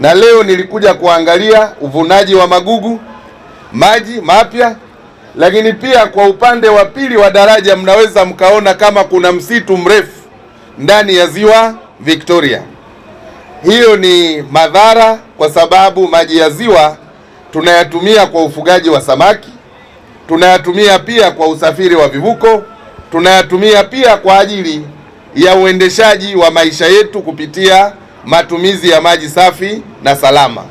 na leo nilikuja kuangalia uvunaji wa magugu maji mapya, lakini pia kwa upande wa pili wa daraja mnaweza mkaona kama kuna msitu mrefu ndani ya ziwa Victoria. Hiyo ni madhara, kwa sababu maji ya ziwa tunayatumia kwa ufugaji wa samaki, tunayatumia pia kwa usafiri wa vivuko, tunayatumia pia kwa ajili ya uendeshaji wa maisha yetu kupitia matumizi ya maji safi na salama.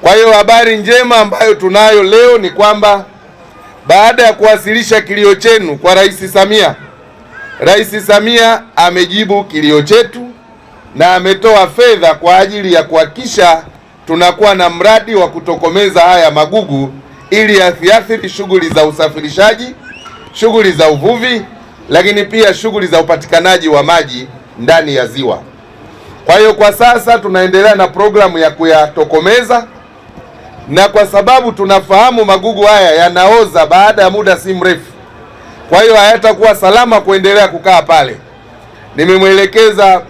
Kwa hiyo habari njema ambayo tunayo leo ni kwamba baada ya kuwasilisha kilio chenu kwa Rais Samia, Rais Samia amejibu kilio chetu na ametoa fedha kwa ajili ya kuhakikisha tunakuwa na mradi wa kutokomeza haya magugu ili yasiathiri shughuli za usafirishaji, shughuli za uvuvi, lakini pia shughuli za upatikanaji wa maji ndani ya ziwa. Kwa hiyo kwa sasa tunaendelea na programu ya kuyatokomeza, na kwa sababu tunafahamu magugu haya yanaoza baada ya muda si mrefu, kwa hiyo hayatakuwa salama kuendelea kukaa pale. Nimemwelekeza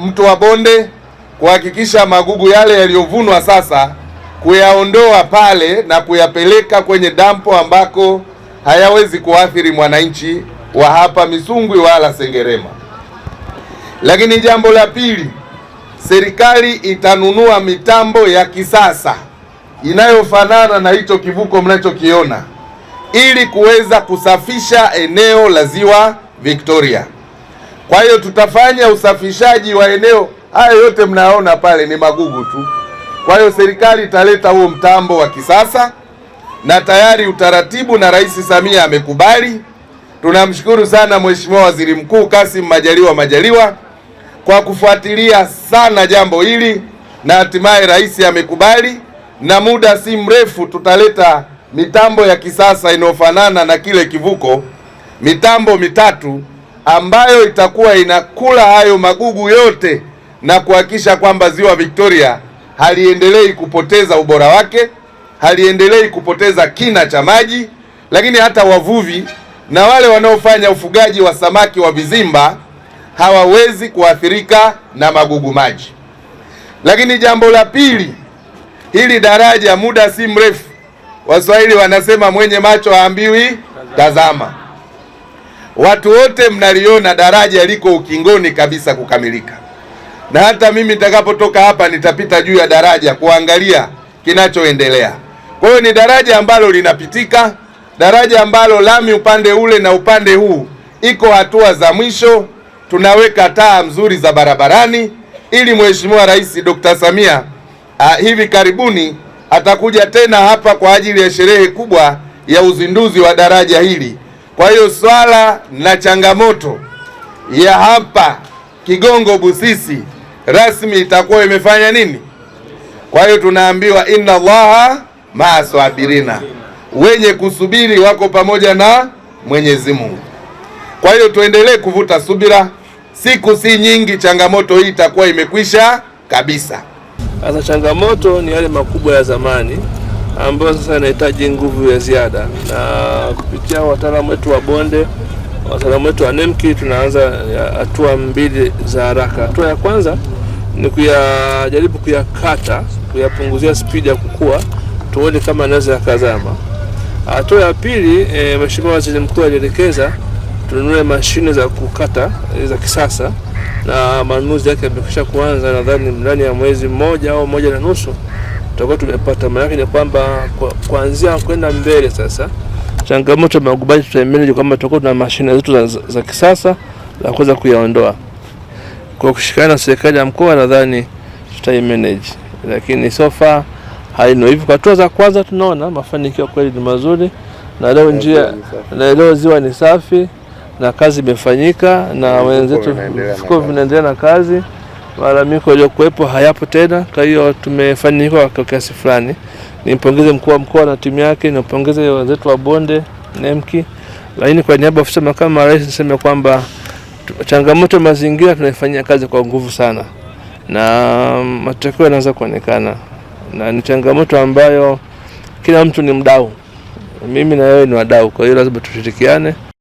mtu wa bonde kuhakikisha magugu yale yaliyovunwa sasa kuyaondoa pale na kuyapeleka kwenye dampo ambako hayawezi kuathiri mwananchi wa hapa Misungwi wala Sengerema. Lakini jambo la pili serikali itanunua mitambo ya kisasa inayofanana na hicho kivuko mnachokiona ili kuweza kusafisha eneo la ziwa Victoria. Kwa hiyo tutafanya usafishaji wa eneo haya yote mnaona pale ni magugu tu. Kwa hiyo serikali italeta huo mtambo wa kisasa na tayari utaratibu na Rais Samia amekubali. Tunamshukuru sana Mheshimiwa Waziri Mkuu Kassim Majaliwa Majaliwa kwa kufuatilia sana jambo hili na hatimaye rais amekubali, na muda si mrefu tutaleta mitambo ya kisasa inayofanana na kile kivuko, mitambo mitatu ambayo itakuwa inakula hayo magugu yote na kuhakikisha kwamba ziwa Victoria haliendelei kupoteza ubora wake, haliendelei kupoteza kina cha maji, lakini hata wavuvi na wale wanaofanya ufugaji wa samaki wa vizimba hawawezi kuathirika na magugu maji. Lakini jambo la pili, hili daraja muda si mrefu, Waswahili wanasema mwenye macho haambiwi tazama. Watu wote mnaliona daraja liko ukingoni kabisa kukamilika, na hata mimi nitakapotoka hapa nitapita juu ya daraja kuangalia kinachoendelea. Kwa hiyo ni daraja ambalo linapitika, daraja ambalo lami upande ule na upande huu iko hatua za mwisho tunaweka taa nzuri za barabarani ili Mheshimiwa Rais Dr. Samia a, ah, hivi karibuni atakuja tena hapa kwa ajili ya sherehe kubwa ya uzinduzi wa daraja hili. Kwa hiyo swala na changamoto ya hapa Kigongo Busisi rasmi itakuwa imefanya nini? Kwa hiyo tunaambiwa inna Allaha maa wenye kusubiri wako pamoja na Mwenyezi Mungu. Kwa hiyo tuendelee kuvuta subira siku si nyingi, changamoto hii itakuwa imekwisha kabisa. Sasa changamoto ni yale makubwa ya zamani ambayo sasa yanahitaji nguvu ya ziada, na kupitia wataalamu wetu wa bonde, wataalamu wetu wa NEMKI, tunaanza hatua mbili za haraka. Hatua ya kwanza ni kuyajaribu kuyakata, kuyapunguzia spidi ya kukua, tuone kama anaweza yakazama. Hatua ya pili e, Mheshimiwa Waziri Mkuu alielekeza tununue mashine za kukata eh, za kisasa, na manunuzi yake yamekwisha kuanza. Nadhani ndani ya mwezi mmoja au moja na nusu tutakuwa tumepata. Maana yake ni kwamba kuanzia kwenda mbele sasa, changamoto ya magubaji tutaimanage kwamba tutakuwa tuna mashine zetu za, za kisasa za kuweza kuyaondoa kwa kushikana na serikali ya mkoa, nadhani tutaimanage, lakini so far hali hivyo. Kwa hatua za kwanza tunaona mafanikio kweli ni mazuri, na leo njia na leo ziwa ni safi na kazi imefanyika na wenzetu vifuko vinaendelea na kazi, malalamiko yaliyokuwepo hayapo tena. Kwa hiyo tumefanikiwa kwa kiasi fulani. Nimpongeze mkuu wa mkoa na timu yake, nimpongeze wenzetu wa bonde NEMKI, lakini kwa niaba ya ofisi ya makamu wa rais niseme kwamba changamoto mazingira tunaifanyia kazi kwa nguvu sana na mm, matokeo yanaanza kuonekana, na ni changamoto ambayo kila mtu ni mdau, mimi na wewe ni wadau, kwa hiyo lazima tushirikiane.